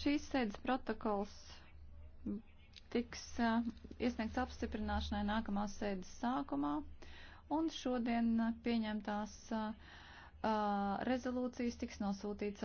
Šīs sēdes protokols tiks uh, iesniegts apstiprināšanai nākamās sēdes sākumā, un šodien pieņemtās uh, uh, rezolūcijas tiks nosūtīts.